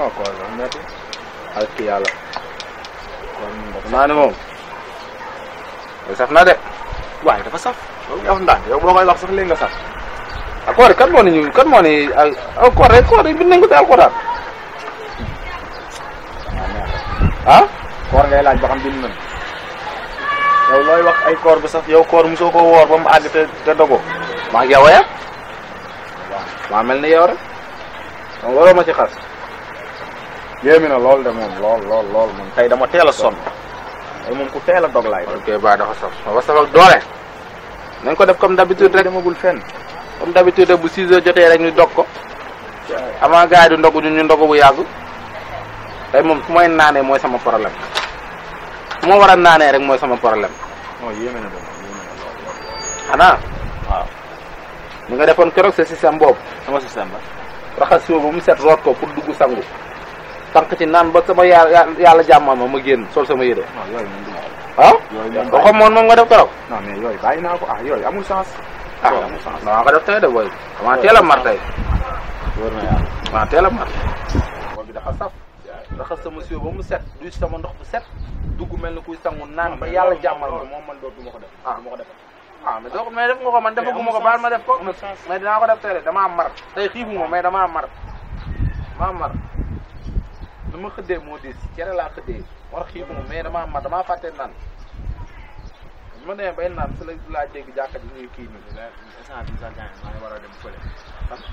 non koor la ak ci yàlla kon def naa ne saf na de waaye dafa saf loolu nga wax yow boo koy wax sax léegi nga saf ak ah, koor kan moo ne ñu kan moo ne ak ah, koor koor ah? ba saf yow koor mosoo ko woor ba mu àgg te te maa ngi yow a yem maa mel ni yow rek donc waroo ma ci xas yéemi na lool de moom lool lool lool moom tay dama teel a sonn tey moom ku teela a dog laay ok ba dafa saf dafa saf ak doole nañ ko def comme d'habitude rek demagul fen comme d'habitude rek bu 6 jotee rek ñu dog ko avant gars yi du ndogu ñu ndogu bu yàgg tey moom su may naanee mooy sama problème su ma war a naanee rek mooy sama problème non yéeme na xanaa waaw ni nga defoon keroog sa système boobu sama système la raxas ba mu set root ko pour dugg sangu tànk ci naan ba sama yàlla yàlla jàmmal ma ma génn sol sama yére. ah waxoon moom moom nga def keroog. non mais yooyu bàyyi naa ko ah yooyu amul sens. ah amul sens non nga def tey de booy. waaw teel a mar tey. wóor na yàlla waaw teel a mar. sama siwo mu set sama ndox bu set dugg mel ni kuy sangu naan ba yàlla jàmmal ma moom man doo ko def ah du ma ko def ah mais ah, doo ko mais def nga ko ko baal ma def ko mais dinaa ko def tey de damaa mar tey xiifu ma mais damaa mar damaa mar ma xëddee moo diis cere laa xëddee war xiif mu mais damaa ma damaa fàtte naan bi ma demee bay naan si la laa jéggi jàkka ji ñuy kii nii la instant bi sax gaañ maa war a dem fële place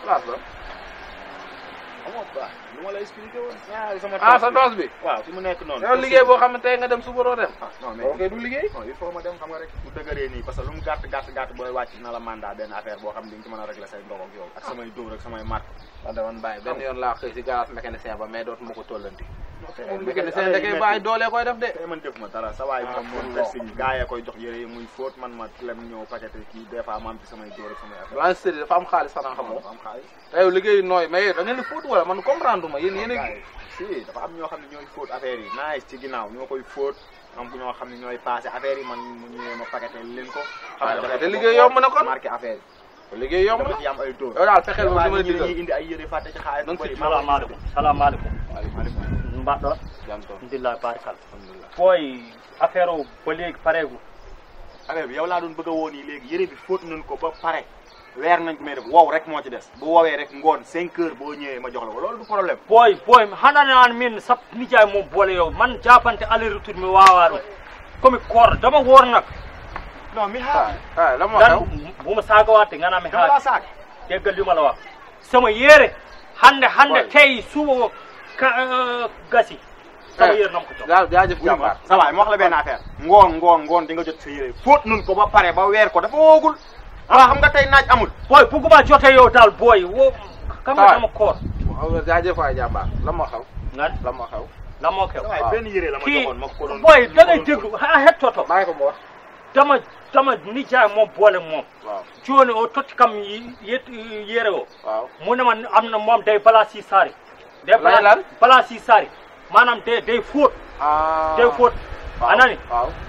place la amoo baax lu ma la expliqué woon. ah sama ah sa toos bi. waaw fi mu nekk noonu. yow liggéey boo xam ne tey nga dem suba doo dem. Ah, ok du liggéey. il faut ma dem xam nga rek bu dëgëree nii parce que lu mu gàtt gàtt gàtt booy wàcc na la mandat benn affaire boo xam ne nga ci mën a régler say ndox ak yow. ak samay dóor ak samay mat. wax dama bàyyi benn yoon laa xëy si garage mécanicien ba mais dootuma ko tollanti. da koy bàyyi doole koy def de tey man def ma dara sa waay moom moom persigne gars yi koy jox yére muy fóot man ma lem ñëw paqueté kii des fois ma samay dóor samay am xaalis xanaa xam nga dafa am xaalis te liggéey nooy mais da ngeen di fóot wala man comprendre ma yéen yéen dafa am ñoo xam ne ñooy fóot affaire yi nice ci ginnaaw ñoo koy fóot am ñoo xam ne ñooy passé affaire yi man mu ñëwee ma paqueté leen ko te liggéey yomb na kon marqué affaire yi liggéey yomb na ci am ay dóor yow daal fexeel moom li ma indi ay yére mbaɗɗon alhamdulillah barikal ɓooy affaire o ba léegi paregu affaire bi yow laa doon bëgg a woon yi léegi yëre bi fóot nañ ko ba pare weer nañ ko may def wow rek moo ci des bu wowee rek ngoon cinq boo ñëwee ma jox la ko loolu du problème booy booy xana naan min sab nijaay moom boole yow man jaabante ale retour mi waawaa ɗum komi koor dama woor nag non mi haa ah, ah, la moo xew bu ma saagawaate nga naa mi haa déggal li ma la wax sama yére hande hande tey suba ka euh, gasi. sama eh, yéer na ma ko jox di nga jot sa yére fóot nun ko ba pare ba weer ko dafa woogul. ah xam nga a naaj amul. booy daal booy woo. kan nga sama koor. waaw jaajëf waay jàmbaar lan moo xaw. lan lan moo xaw. lan moo xew waaw benn yére la ma joxoon a ko doon booy ah, ah, toto. dama dama nijaay moom boole moom. waaw joone o kam yi o. waaw mu ma am na moom day balaa si day bala place yi sari maanaam day day fóot ah. day fóot anani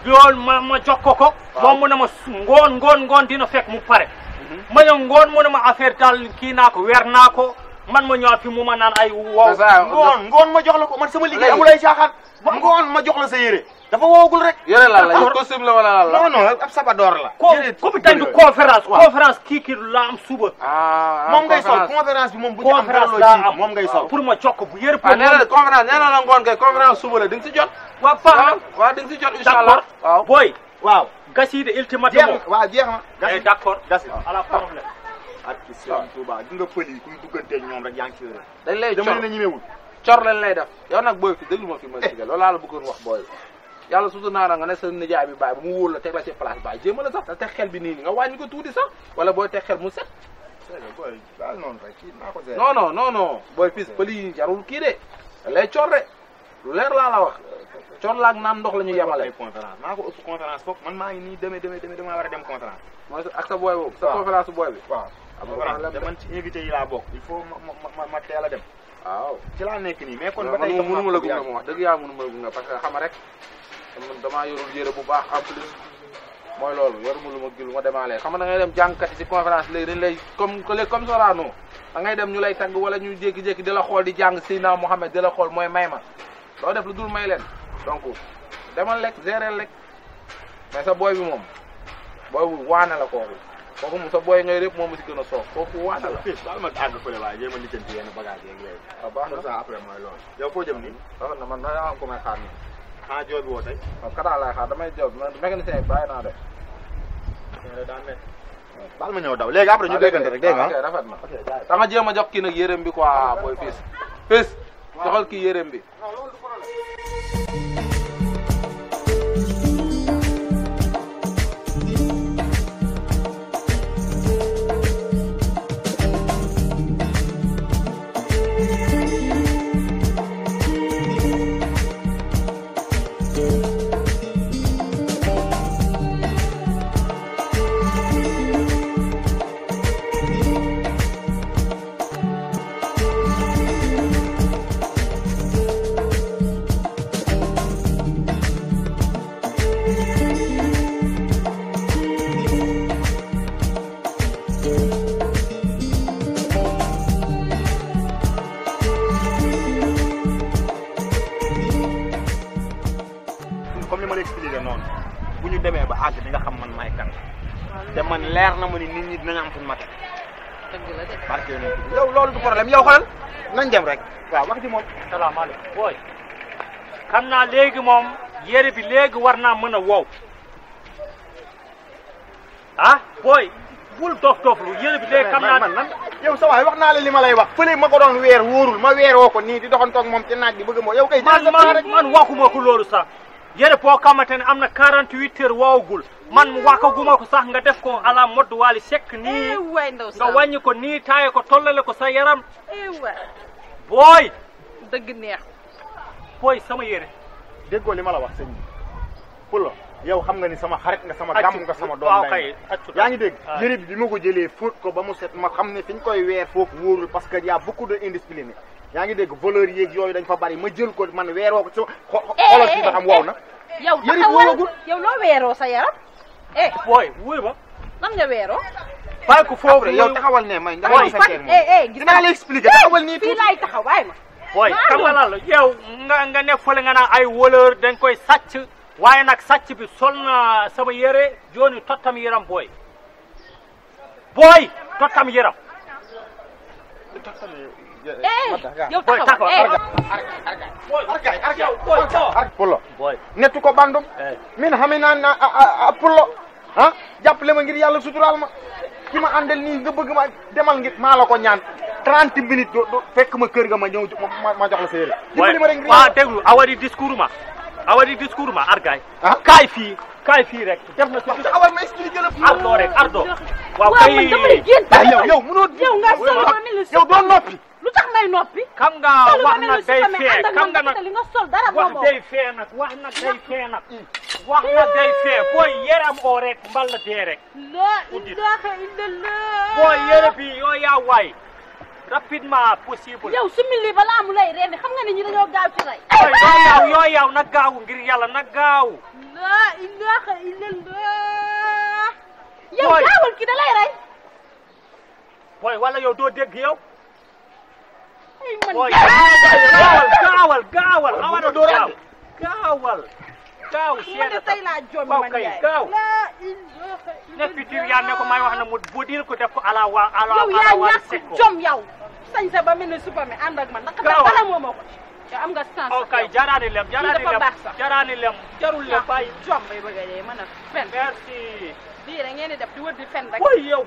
loolu ma ma jox ko ko moom mu ne ma ngoon ngoon ngoon dina fekk mu pare mhm. ma ne ngoon mu ne ma affaire daal kii naa ko weer naa ko man ma ñëwaat fi mu ma naan ay wow ngoon ngoon ma jox la ko man sama liggéey amul ay caaxaan ngoon ma jox la sa yére dafa woogul rek. yore la la costume la wala la non non ab sabadoor la. kooku tey du conférence waaw conférence kii kii la am suba. Ah, ah, moom ngay sol conférence bi moom bu ñu am. conférence daa am moom ngay sol pour ma cokk bu yër pour. ah nee na conférence nee na la ngoon kay conférence suba la di nga si jot. waaw Paa waaw di nga si jot incha allah waaw booy. waaw gas yi de ultimatum. jeex na waaw jeex na. gas yi eh, d' accord gas yi ala problème. ak ci sëñ Touba di nga pël yi kuy dugganteeg ñoom rek yaa ngi ci yore. dañ lay cor dama leen a ñemewul. cor lañ lay def yow nag booy fi déglu ma fi ma sigal eh. loolu laa la bëggoon wax booy yàlla su naara nga ne sa nijaay bi baay ba mu wóor la teg la ci place baay jéem a la sax te teg xel bi nii nga wàññi ko tuuti sax wala booy teg xel mu set. non non non non booy fii pël yi jarul kii de lay coor de lu leer laa la wax coor la ak naan ndox la ñu yemale. maa ko ëpp conférence foofu man maa ngi nii demee demee demee damaa war a dem conférence. mooy ak sa booy boobu. sa conférence booy bi. waaw am ah, man ci invité yi laa bokk. il faut ma ma ma teel a dem. waaw ci laa nekk nii mais kon ba tey mënu ma la gunge moom wax dëgg yaa mënu ma la gunge parce que xam rek damaa yorul yére bu baax en mooy loolu yoruma lu ma gi lu ma demaale xam nga da ngay dem jàngkat yi ci conférence léegi dañ lay comme léegi comme Sorano ngay dem ñu lay tagg wala ñu jékki-jékki di la xool di jàng Seydina Mohamed di la xool mooy may ma doo def lu dul may leen donc demal lekk gérer lekk mais sa booy bi moom booy bu waane la kooku kooku moom sa booy ngay rëpp moom mu si gën a soof kooku waata la fiis daal ma àgg fële waaye jéem a lijjanti yenn bagage yeeg yooyu waaw ah, baax na ça après mooy loolu yow foo jëm nii ah, man na am ko may xaar nii xanaa joo bi woo tey waaw ah, kataa laay xaar man mécanicien bi naa de daa mel baal ma ñëw daw léegi après ñu déggante rek dégg nga ok rafet na dama jéem a jox kii nag yérem bi quoi booy fiis fiis joxal kii yérem bi la expliqué bu ñu demee ba àgg di nga xam man maay kan te man leer na mu ni nit ñi dinañ am fu ñu ma teg. dëgg la de. loolu du problème yow xoolal nañ dem rek. waaw wax ji moom. salaamaaleykum booy. naa léegi moom yére bi léegi war naa mën a wow ah booy bul dof dof lu yére bi léegi xam naa man man yow sa waay wax naa li ma lay wax fële ma ko doon weer wóorul ma weeroo ko nii di doxantoog moom ci naaj bi bëgg moo yow kay man man waxuma ko loolu sax yére poo xamante ne am na 48 heures woowagul man wàqaguma ko sax nga def ko ala modd waali sekk nii eh nga wàññi ko nii taaye ko tollale ko sax yaram eh booy dëgg neex booy sama yére déggoo li ma la wax sëñ bi pulo yow xam nga ni sama xarit nga sama gàmm nga sama doom day yaa ngi dégg yére bi bi ma ko jëlee fóot ko ba mu set ma xam ne fi koy weer foofu wóorul parce que y a beaucoup de indiscipline yaa ngi dégg voleur yéeg yooyu dañ fa bari ma jël ko man weeroo ko ci xoolal eh, ci eh, ba xam wow na. Eh, yow taxawal yow loo weeroo sa yaram. eh booy wuy ma. nan nga weeroo. bàyyi ko foofu rek yow taxawal ne may nga gis sa kër moom dinaa la expliquer taxawal nii tuuti fii laay taxaw waay ma. booy taxawalal yow nga nga nekk fële nga naan ay voleur dañ koy sàcc. waaye nag sàcc bi sol na sama yére jooni tottam yaram booy. booy tottam yaram. tottam yaram. yow taxawal eh nettu ko bandum min xamina na pullo ah jàppale ma ngir yàlla suturaal ma ki ma àndal nii nga bëgg ma demal ngir maa la ko ñaan trente minutes do fekk ma kër ga ma jox la sa yére dimbali ma rek ngir waaw déglu awari discours ma awari discours ma argaay ah? kaay fii kaay fii rek def na si awar ma expliqué la ardo rek ardo waaw kay yow yow mënoo nga sonn ma ni la yow doo noppi tax ngay noppi. xam wax na day fee xam nga nag li fee nag wax na day fee nag. wax na day fee booy yéram oo rek mbal la dee rek. laa ilaaha illallaah. booy yére bi yoo yaa waay. rapidement possible. yow su mili balaa mu lay rendi xam nga ni ñi dañoo gaaw ci rey. ay yow yoo yow na gaaw ngir na gaaw. laa ilaaha illallaah. yow gaawul ki da lay rey. booy wala yow doo gaawal gaawal gaawal awana dooral gaawal gaaw seeda tey laa jom man kay gaaw nekk diw yaa ne ko may wax na mu budil ko def ko ala wa ala yow yaa ñàkk jom yow sañ sa ba mel ne suba mi ànd ak man ndax bala moo ma ko yow am nga sens ok jaraani lem jaraani lem jaraani lem jarul lem bàyyi jom bay bëgg a dee mën a fen merci lii rek ngeen di def di wër di fen rek yow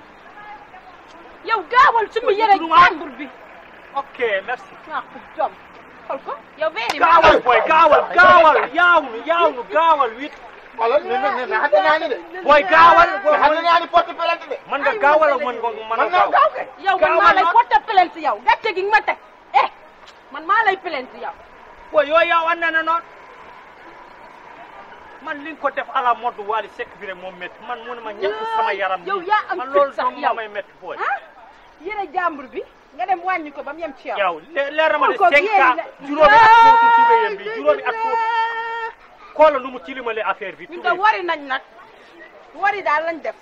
yow gaawal suñu yëre jàmbur bi اوكي merci. ñàkkul jom xool ko. yow bee nii gaawal booy gaawal gaawal yaaw mi yaaw mi gaawal wit. xoolal ne ne ne xam naa ni de. booy gaawal. xam naa ni porte plainte de. mën nga gaawal ak mën nga mën a gaaw kay. yow man maa lay porte plainte yow gàcce gi nga ma teg man maa lay plainte yow. booy yooyu yow an na ne noonu. man li nga ko def à la mode Wally Seck bi rek moo métti man mu ne ma ñàkk sama yaram. yow yaa am fit sax yow man loolu sax moo may métti booy. bi. nga dem wàññi ko ba mu yem ci yow. yow leer na ma ne cinq ans juróomi at bi ah, juróomi at foofu. xoolal nu mu tilimale affaire bi. tuubé ñun wari nañ nag wari daal lañ def.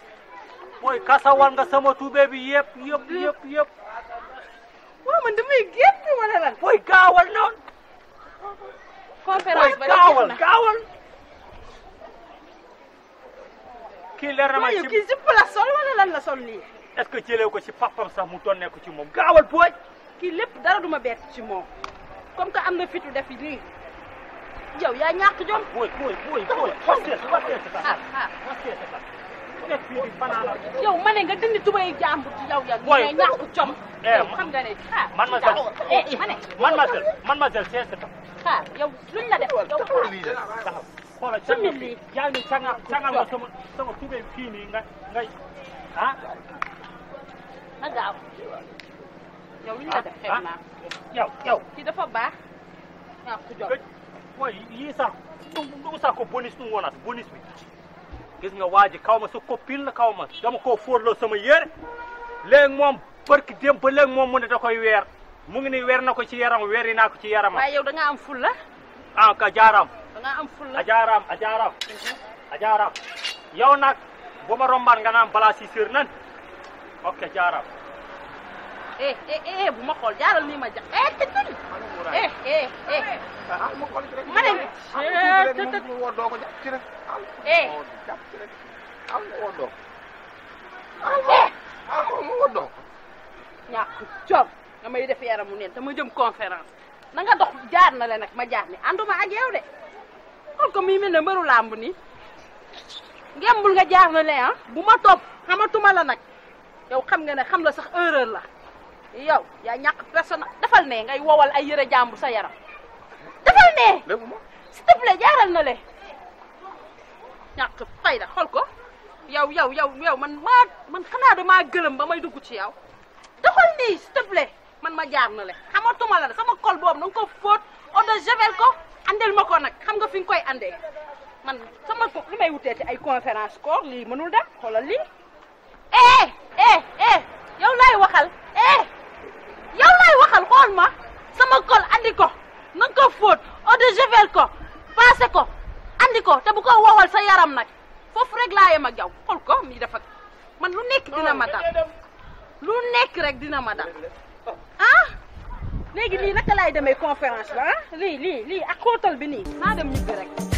mooy kasawal nga sama tuubé bi yëpp yëpp yëpp yëpp. waaw man damay gépp wala lan. mooy gaawal noonu. conférence ba gaawal gaawal. kii leer na ma ci kii si la sol lan la sol lii. est-ce que jëlee ko ci papam sax mu doon nekk ci moom gaawal pooj kii lépp dara duma bett ci moom comme que am na fitu def lii yow yaa ñàkk jom. booy booy ma nga dindi tubay jàmbur ci yow yaa nga ñàkk jom ne ah man ma sel man ma sel man ma sel c'est nga a na gaaw. yow li ñu dafa baa ah ku jox mooy sax ko bonus nu mu wonaat bonus gis nga waa ji kaw ma sa copine la kaw ma dama koo fóorloo sama yére léegi moom barki démb ba léegi moom mu ne da koy weer mu ngi ni weer na ko ci yaram weer yi naa ko ci yaram. waaye yow da ngaa am fulla. Eh? ah ka jaaraam. da ngaa am fulla a jaaraam a jaaraam. a jaaraam bu ma rombaan nga naan balaa si séer nan ok jaaral. Eh, eh eh eh bu ma xool jaaral nii ma ja eh te te eh eh eh. eh ah, ma ne. ah te te woo doo ko jàpp ci rek. Ah, eh jàpp ci rek ah woo doo. ah eh. woo ah, doo. ñàkk jom nga may def yaramu neen te ma jëm conférence na nga dox jaar na le nag ma jaar ni ànduma ak yow de xool ko muy mel ne mbëru làmb nii. ngembul nga jaar na le ah bu ma topp xamatuma la nag yow xam nga ne xam la sax erreur la yow yaa ñaq personne dafal ne ngay wowal ay yëre jàmbur sa yaram dafal ne. s'il te jaaral na le ñàkk fayda xool ko yow yow yow yow man ma man xanaa damaa gëlëm ba may dugg ci yow doxal nii s'il te man ma jaar na le xamatuma la sama kol boobu na nga ko fóot eau de javel ko andel ma ko nag xam nga fi koy andee. man sama lu may wutee ci ay conférence koor lii mënul dem xoolal lii. eh eh eh yow laay waxal eh yow laay waxal xool ma sama kol andi ko na ko fóot eau de javel ko passé ko andi ko te ko wowal sa yaram nag rek laa yem ak yow ko mi dafa man lu nekk dina ma lu nekk rek dina ma dal ah léegi lii naka laay demee conférence ba ah lii lii lii bi rek.